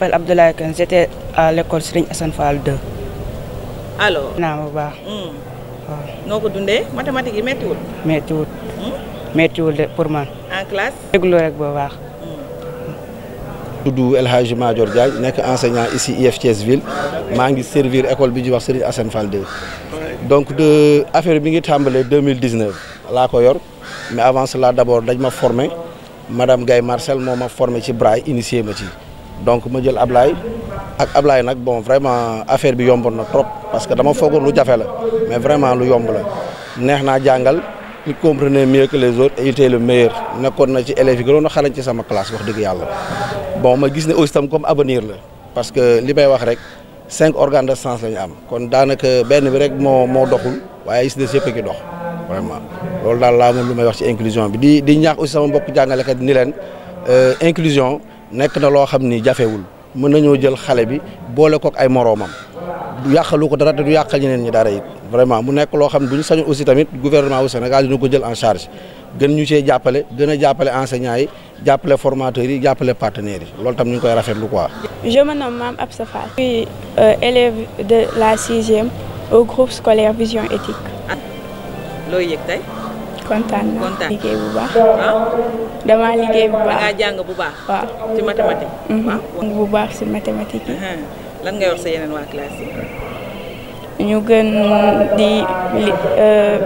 m'appelle Abdoulaye Kane j'étais à l'école Serigne Assane Fall 2. alors naa bu baax. Mm. waaw mm? de pour man. en classe. déglu rek bu baax. Mm. tudd El Hadj Madior Diagne nekk enseignant ici IEF Thiès maa ngi servir école bi ñuy wax Serigne Assane Fall 2. donc de affaire bi ngi tàmbalee 2019 laa ko yor mais avant la d' abord dañ ma formé madame Gaye Marcel moo ma formé ci Braille initié ma ci. donc ma jël Ablaye ak ablaay nag bon vraiment affaire bi yomboon na trop parce que dama foogoon lu jafe la mais vraiment lu yomb la neex naa jàngal il comprenait mieux que les autres et était le meilleur nekkoon na ci élèves yi gënoon a xarañ ci sama classe wax dëgg yàlla bon ma gis ne aussi tam comme avenir la parce que li may wax rek cinq organes de sens la am kon daanaka benn bi rek moo moo doxul waaye is des yëpp a ngi dox vraiment loolu daal laa moom lu may wax ci inclusion bi di di ñaax sama mbokk jàngalekat ni leen euh, inclusion nekk na loo xam ni jafewul mën nañoo jël xale bi boole kook ay moroomam du yàqalu ko dara te du yàqal neen ñi dara it vraiment mu nekk loo xam ne bu ñu sañoon aussi tamit gouvernement wu Sénégal dina ko jël en charge gën ñu cee jàppale gën a jàppale enseignants yi jàppale formateurs yi jàppale partenaires yi loolu tam ñu koy rafetlu quoi. je me nomme Mame Absa Fall. je suis euh, élève de la sixième au groupe scolaire Vision Éthique. kontaan naa liggéey bu baax. Ah. damaa liggéey bu baax da ngaa jàng bu waaw si mathématique mhm. euh,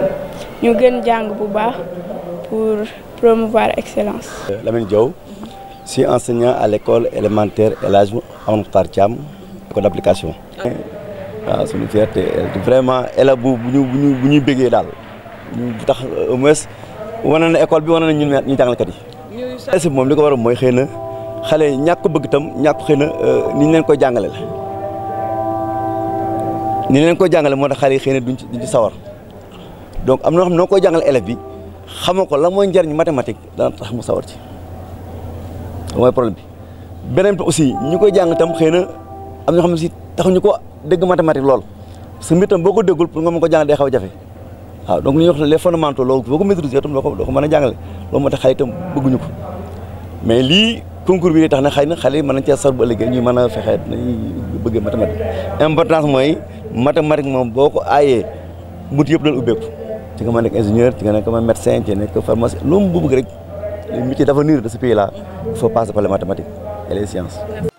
ñu gën jàng bu baax pour promouvoir excellence. Lamine Diaw je suis enseignant à l'école élémentaire El Hadj Amadou Mokhtar Thiam école d'application. Ah, vraiment élèves bu ñu bu ñu bu daal. tax euh, moins wane na école bi wane na ñun ñu jàngalekat yi. moom li ko war mooy xëy na xale yi ñàkk bëgg itam ñàkk xëy na euh, ni leen koy jàngale ni ñu leen jàngale moo tax xale xëy na duñ ci duñ sawar donc am na noo koy jàngale élève bi xamoo ko la mooy njariñ mathématique dana tax mu sawar ci mooy problème bi. beneen bi aussi ñu koy jàng tam xëy na am na xam ne si taxuñu ko dégg mathématique lool su mbir tam boo ko déggul pour nga mun ko jàng day xaw jafe. waaw donc li ñuy wax les fondamentaux loolu boo ko maîtriser itam doo ko ko mën a jàngale loolu moo tax xale itam bëgguñu ko mais lii concours bi tax na xëy na xale yi mën nañ cee sor bu ëllëgee man mën a fexe nañuy bëggee mathématique importance mooy mathématique moom boo ko aayee bunt yëpp doon ubbeeku ci nga mën nekk ingénieur ci nga nekk ma médecin ci nekk pharmacie loolu mu bëgg rek les métiers d'avenir de ce pays la il faut passer par les mathématiques et les sciences